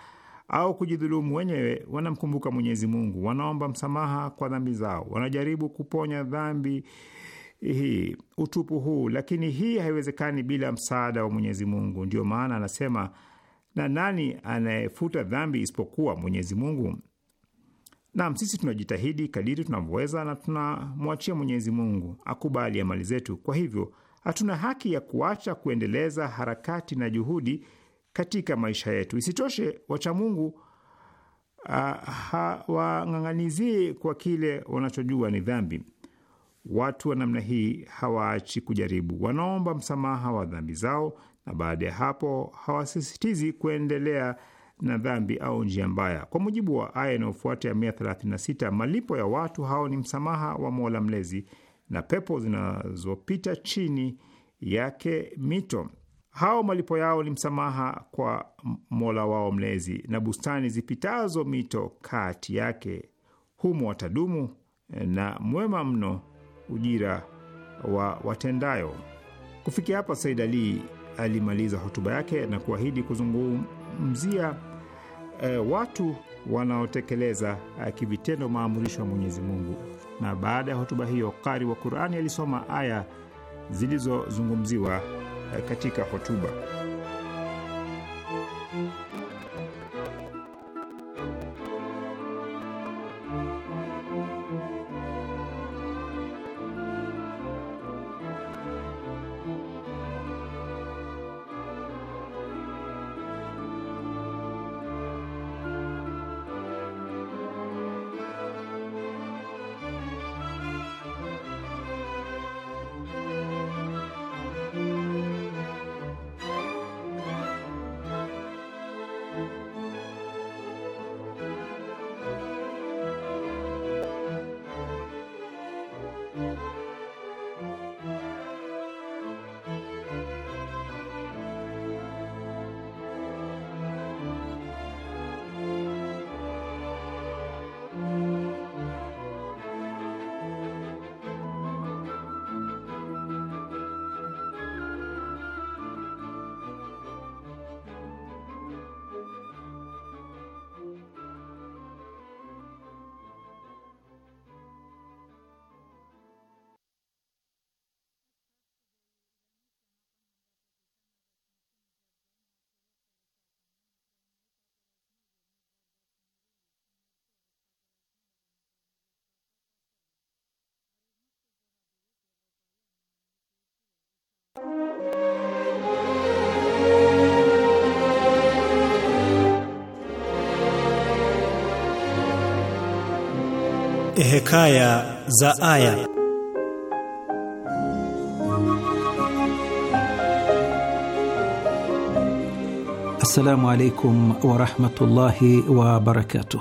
au kujidhulumu wenyewe, wanamkumbuka Mwenyezi Mungu, wanaomba msamaha kwa dhambi zao, wanajaribu kuponya dhambi hii, utupu huu, lakini hii haiwezekani bila msaada wa Mwenyezi Mungu. Ndiyo maana anasema, na nani anayefuta dhambi isipokuwa Mwenyezi Mungu? Nam, sisi tunajitahidi kadiri tunavyoweza na tunamwachia Mwenyezi Mungu akubali amali zetu. Kwa hivyo hatuna haki ya kuacha kuendeleza harakati na juhudi katika maisha yetu. Isitoshe, wachamungu ah, hawanganganizii kwa kile wanachojua ni dhambi. Watu wa namna hii hawaachi kujaribu, wanaomba msamaha wa dhambi zao, na baada ya hapo hawasisitizi kuendelea na dhambi au njia mbaya. Kwa mujibu wa aya inayofuata ya 136, malipo ya watu hao ni msamaha wa Mola Mlezi na pepo zinazopita chini yake mito hao malipo yao ni msamaha kwa Mola wao Mlezi, na bustani zipitazo mito kati yake, humo watadumu, na mwema mno ujira wa watendayo. Kufikia hapa, Said Ali alimaliza hotuba yake na kuahidi kuzungumzia e, watu wanaotekeleza e, kivitendo maamurisho ya Mwenyezi Mungu. Na baada ya hotuba hiyo, kari wa Qurani alisoma aya zilizozungumziwa katika hotuba. Hekaya za Aya. Assalamu alaikum warahmatullahi wabarakatuh.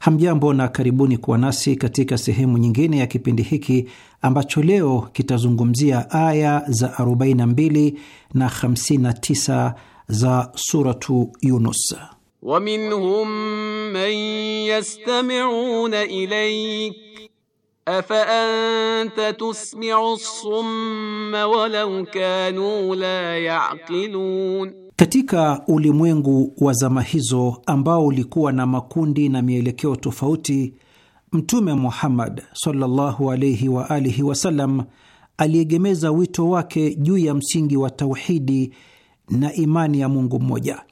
Hamjambo na karibuni kuwa nasi katika sehemu nyingine ya kipindi hiki ambacho leo kitazungumzia aya za 42 na 59 za Suratu Yunus. ومنهم من يستمعون إليك أفأنت تسمع الصم ولو كانوا لا يعقلون Katika ulimwengu wa zama hizo ambao ulikuwa na makundi na mielekeo tofauti, Mtume Muhammad sallallahu alayhi wa alihi wasallam aliegemeza wito wake juu ya msingi wa tauhidi na imani ya Mungu mmoja.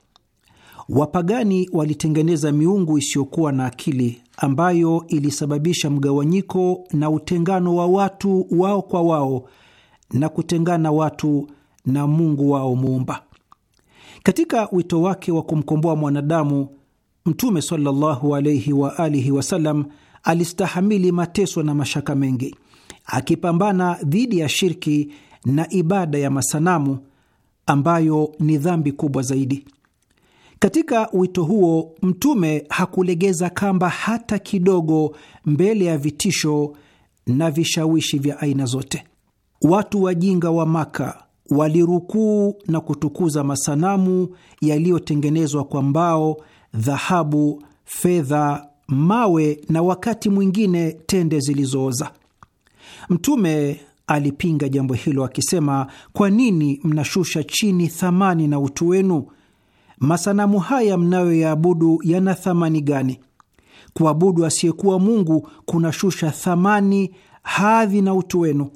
Wapagani walitengeneza miungu isiyokuwa na akili ambayo ilisababisha mgawanyiko na utengano wa watu wao kwa wao na kutengana watu na Mungu wao Muumba. Katika wito wake wa kumkomboa mwanadamu, Mtume sallallahu alaihi wa alihi wasallam alistahamili mateso na mashaka mengi, akipambana dhidi ya shirki na ibada ya masanamu ambayo ni dhambi kubwa zaidi. Katika wito huo, Mtume hakulegeza kamba hata kidogo mbele ya vitisho na vishawishi vya aina zote. Watu wajinga wa Maka walirukuu na kutukuza masanamu yaliyotengenezwa kwa mbao, dhahabu, fedha, mawe na wakati mwingine tende zilizooza. Mtume alipinga jambo hilo akisema, kwa nini mnashusha chini thamani na utu wenu? masanamu haya mnayoyaabudu yana thamani gani? Kuabudu asiyekuwa Mungu kuna shusha thamani, hadhi na utu wenu.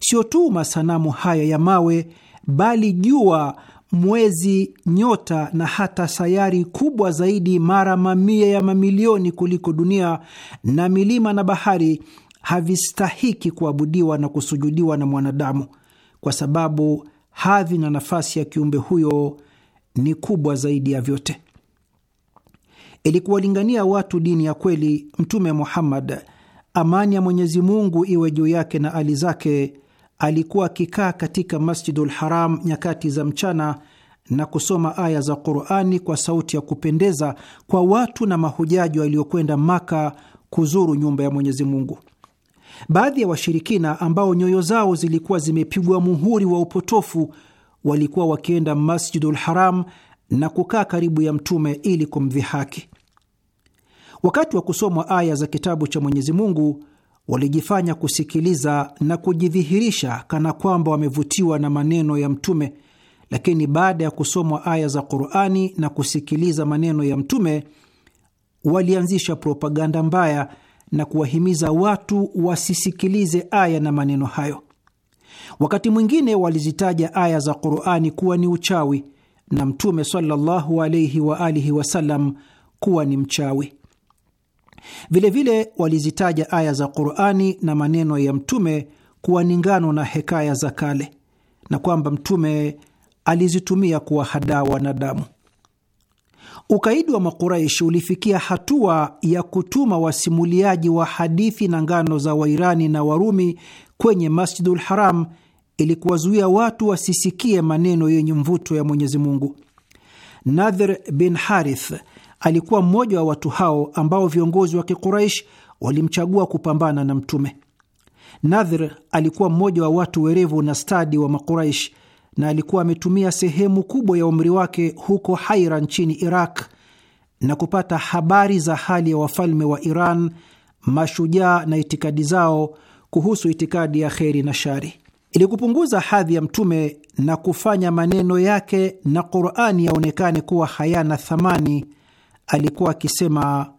Sio tu masanamu haya ya mawe, bali jua, mwezi, nyota na hata sayari kubwa zaidi mara mamia ya mamilioni kuliko dunia na milima na bahari havistahiki kuabudiwa na kusujudiwa na mwanadamu, kwa sababu hadhi na nafasi ya kiumbe huyo ni kubwa zaidi ya vyote, ili kuwalingania watu dini ya kweli. Mtume Muhammad, amani ya Mwenyezi Mungu iwe juu yake na ali zake, alikuwa akikaa katika Masjidul Haram nyakati za mchana na kusoma aya za Qurani kwa sauti ya kupendeza kwa watu na mahujaji waliokwenda Maka kuzuru nyumba ya Mwenyezi Mungu. Baadhi ya washirikina ambao nyoyo zao zilikuwa zimepigwa muhuri wa upotofu walikuwa wakienda Masjidul Haram na kukaa karibu ya Mtume ili kumdhihaki. Wakati wa kusomwa aya za kitabu cha Mwenyezi Mungu walijifanya kusikiliza na kujidhihirisha kana kwamba wamevutiwa na maneno ya Mtume, lakini baada ya kusomwa aya za Qur'ani na kusikiliza maneno ya Mtume walianzisha propaganda mbaya na kuwahimiza watu wasisikilize aya na maneno hayo. Wakati mwingine walizitaja aya za Qur'ani kuwa ni uchawi na Mtume sallallahu alayhi wa alihi wasallam kuwa ni mchawi. Vilevile vile walizitaja aya za Qur'ani na maneno ya Mtume kuwa ni ngano na hekaya za kale na kwamba Mtume alizitumia kuwahadaa wanadamu. Ukaidi wa Makuraishi ulifikia hatua ya kutuma wasimuliaji wa hadithi na ngano za Wairani na Warumi kwenye Masjidul Haram ili kuwazuia watu wasisikie maneno yenye mvuto ya Mwenyezi Mungu. Nadhir bin Harith alikuwa mmoja wa watu hao ambao viongozi wa kiquraish walimchagua kupambana na Mtume. Nadhir alikuwa mmoja wa watu werevu na stadi wa Makuraish na alikuwa ametumia sehemu kubwa ya umri wake huko Haira nchini Iraq na kupata habari za hali ya wafalme wa Iran, mashujaa na itikadi zao kuhusu itikadi ya kheri na shari ili kupunguza hadhi ya Mtume na kufanya maneno yake na Qurani yaonekane kuwa hayana thamani, alikuwa akisema: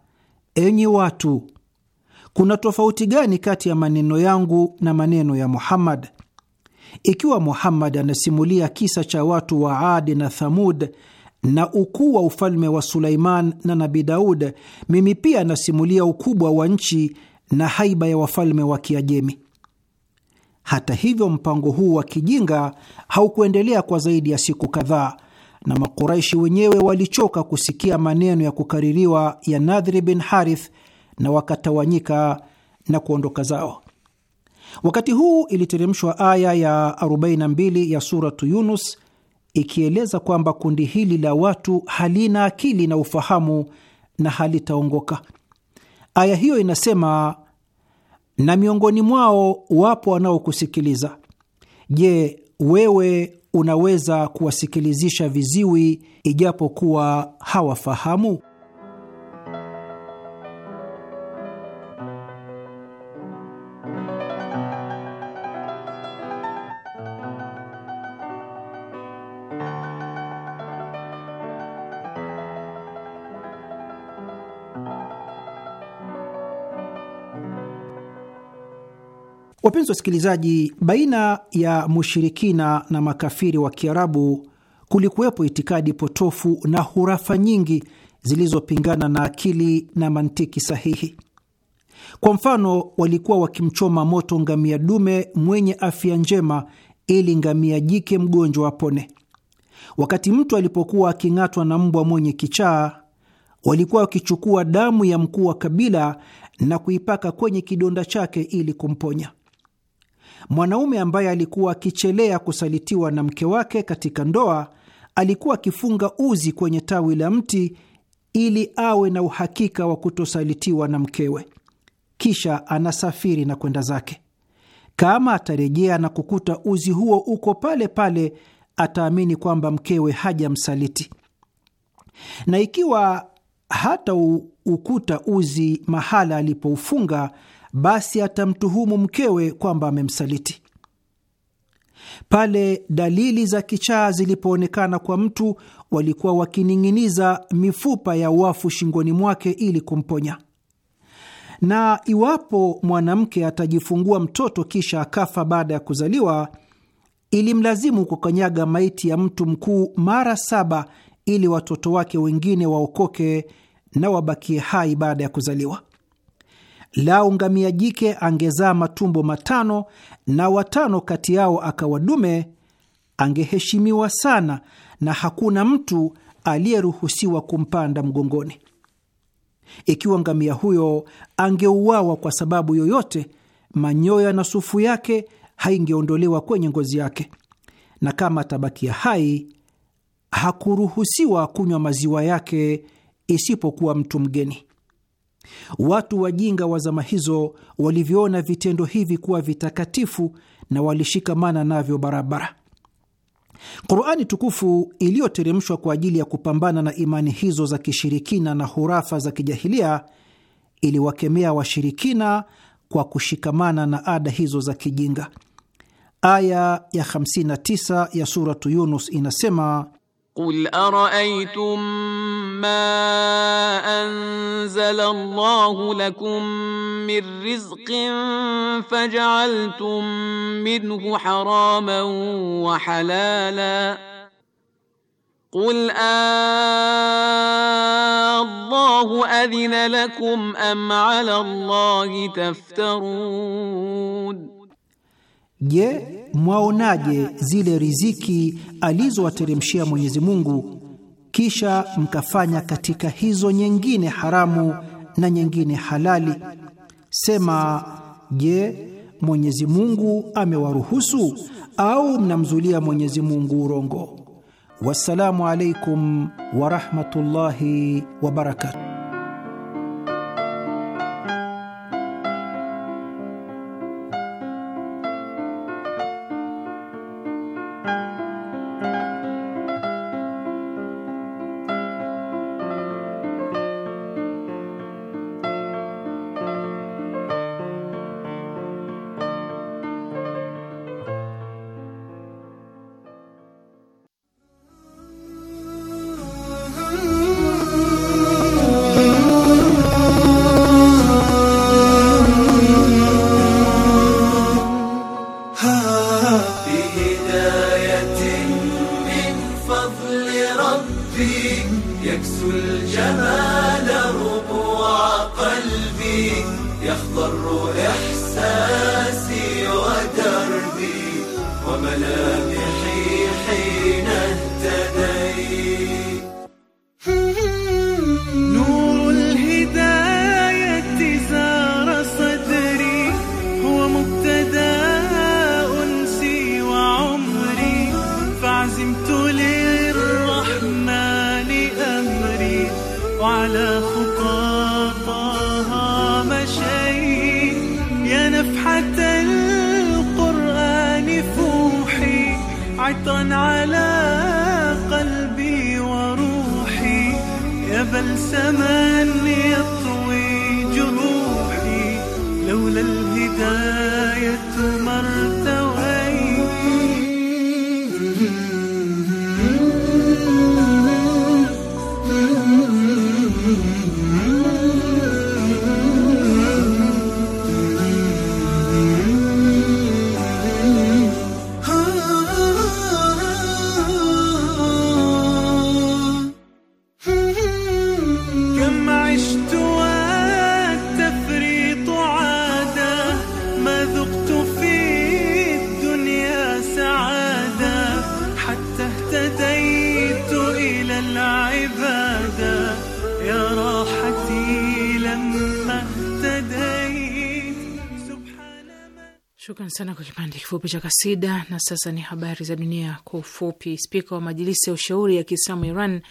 enyi watu, kuna tofauti gani kati ya maneno yangu na maneno ya Muhammad? Ikiwa Muhammad anasimulia kisa cha watu wa Adi na Thamud na ukuu wa ufalme wa Suleiman na Nabi Daud, mimi pia anasimulia ukubwa wa nchi na haiba ya wafalme wa Kiajemi. Hata hivyo, mpango huu wa kijinga haukuendelea kwa zaidi ya siku kadhaa, na Makuraishi wenyewe walichoka kusikia maneno ya kukaririwa ya nadhri bin Harith na wakatawanyika na kuondoka zao. Wakati huu iliteremshwa aya ya 42 ya Suratu Yunus ikieleza kwamba kundi hili la watu halina akili na ufahamu na halitaongoka. Aya hiyo inasema na miongoni mwao wapo wanaokusikiliza. Je, wewe unaweza kuwasikilizisha viziwi ijapokuwa hawafahamu? Wapenzi wasikilizaji, baina ya mushirikina na makafiri wa Kiarabu kulikuwepo itikadi potofu na hurafa nyingi zilizopingana na akili na mantiki sahihi. Kwa mfano, walikuwa wakimchoma moto ngamia dume mwenye afya njema ili ngamia jike mgonjwa apone. Wakati mtu alipokuwa aking'atwa na mbwa mwenye kichaa, walikuwa wakichukua damu ya mkuu wa kabila na kuipaka kwenye kidonda chake ili kumponya. Mwanaume ambaye alikuwa akichelea kusalitiwa na mke wake katika ndoa alikuwa akifunga uzi kwenye tawi la mti ili awe na uhakika wa kutosalitiwa na mkewe, kisha anasafiri na kwenda zake. Kama atarejea na kukuta uzi huo uko pale pale, ataamini kwamba mkewe hajamsaliti, na ikiwa hata ukuta uzi mahala alipoufunga basi atamtuhumu mkewe kwamba amemsaliti. Pale dalili za kichaa zilipoonekana kwa mtu, walikuwa wakining'iniza mifupa ya wafu shingoni mwake ili kumponya. Na iwapo mwanamke atajifungua mtoto kisha akafa baada ya kuzaliwa, ilimlazimu kukanyaga maiti ya mtu mkuu mara saba ili watoto wake wengine waokoke na wabakie hai baada ya kuzaliwa. Lau ngamia jike angezaa matumbo matano na watano kati yao akawadume, angeheshimiwa sana na hakuna mtu aliyeruhusiwa kumpanda mgongoni. Ikiwa ngamia huyo angeuawa kwa sababu yoyote, manyoya na sufu yake haingeondolewa kwenye ngozi yake, na kama atabakia hai hakuruhusiwa kunywa maziwa yake isipokuwa mtu mgeni. Watu wajinga wa zama hizo walivyoona vitendo hivi kuwa vitakatifu na walishikamana navyo barabara. Qurani tukufu iliyoteremshwa kwa ajili ya kupambana na imani hizo za kishirikina na hurafa za kijahilia iliwakemea washirikina kwa kushikamana na ada hizo za kijinga. Aya ya 59 ya suratu Yunus inasema قل ارايتم ما انزل الله لكم من رزق فجعلتم منه حراما وحلالا قل آه الله اذن لكم ام على الله تفترون Je, mwaonaje zile riziki alizowateremshia Mwenyezi Mungu kisha mkafanya katika hizo nyingine haramu na nyingine halali? Sema, je, Mwenyezi Mungu amewaruhusu au mnamzulia Mwenyezi Mungu urongo? Wassalamu alaikum wa rahmatullahi wa barakatuh. sana kwa kipande kifupi cha kasida. Na sasa ni habari za dunia kwa ufupi. Spika wa Majilisi ya Ushauri ya Kiislamu Iran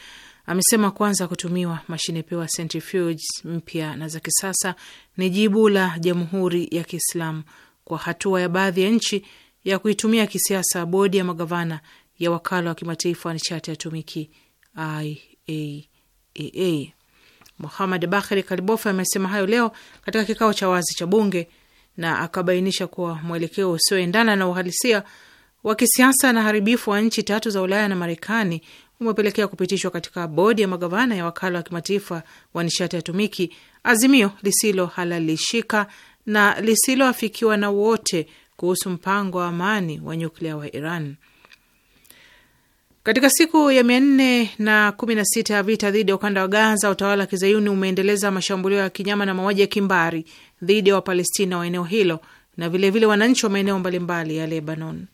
amesema kuanza kutumiwa mashine pewa centrifuges mpya na za kisasa ni jibu la Jamhuri ya Kiislamu kwa hatua ya baadhi ya nchi ya kuitumia kisiasa bodi ya magavana ya wakala wa kimataifa wa nishati ya atomiki IAEA. Muhamad Bakhri Kalibof amesema hayo leo katika kikao cha wazi cha bunge na akabainisha kuwa mwelekeo usioendana na uhalisia wa kisiasa na haribifu wa nchi tatu za Ulaya na Marekani umepelekea kupitishwa katika bodi ya magavana ya wakala wa kimataifa wa nishati ya tumiki azimio lisilohalalishika na lisiloafikiwa na wote kuhusu mpango wa amani wa nyuklia wa Iran. Katika siku ya mia nne na kumi na sita ya vita dhidi ya ukanda wa Gaza, utawala wa kizayuni umeendeleza mashambulio ya kinyama na mauaji ya kimbari dhidi ya Wapalestina wa eneo hilo na vilevile wananchi wa maeneo mbalimbali ya Lebanon.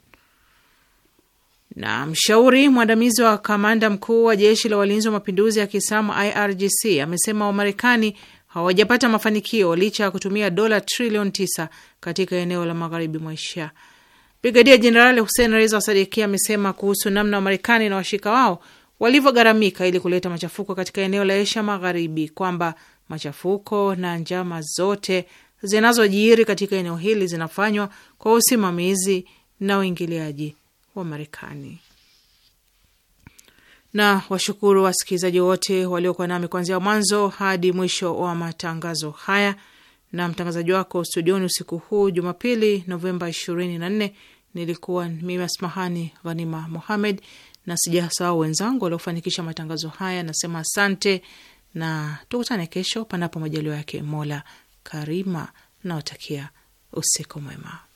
Na mshauri mwandamizi wa kamanda mkuu wa jeshi la walinzi wa mapinduzi ya Kiislamu IRGC amesema Wamarekani hawajapata mafanikio licha ya kutumia dola trilioni 9 katika eneo la magharibi mwa Asia. Brigadia Jenerali Hussein Reza Sadikia amesema kuhusu namna wa Marekani na washirika wao walivyogharamika ili kuleta machafuko katika eneo la Asia Magharibi kwamba machafuko na njama zote zinazojiri katika eneo hili zinafanywa kwa usimamizi na uingiliaji wa Marekani. Na washukuru wasikilizaji wote waliokuwa nami kuanzia mwanzo hadi mwisho wa matangazo haya na mtangazaji wako studioni usiku huu Jumapili Novemba 24 nilikuwa mimi Asmahani Ghanima Mohamed, na sijasahau wenzangu waliofanikisha matangazo haya. Nasema asante na tukutane kesho, panapo majaliwa yake Mola Karima. Nawatakia usiku mwema.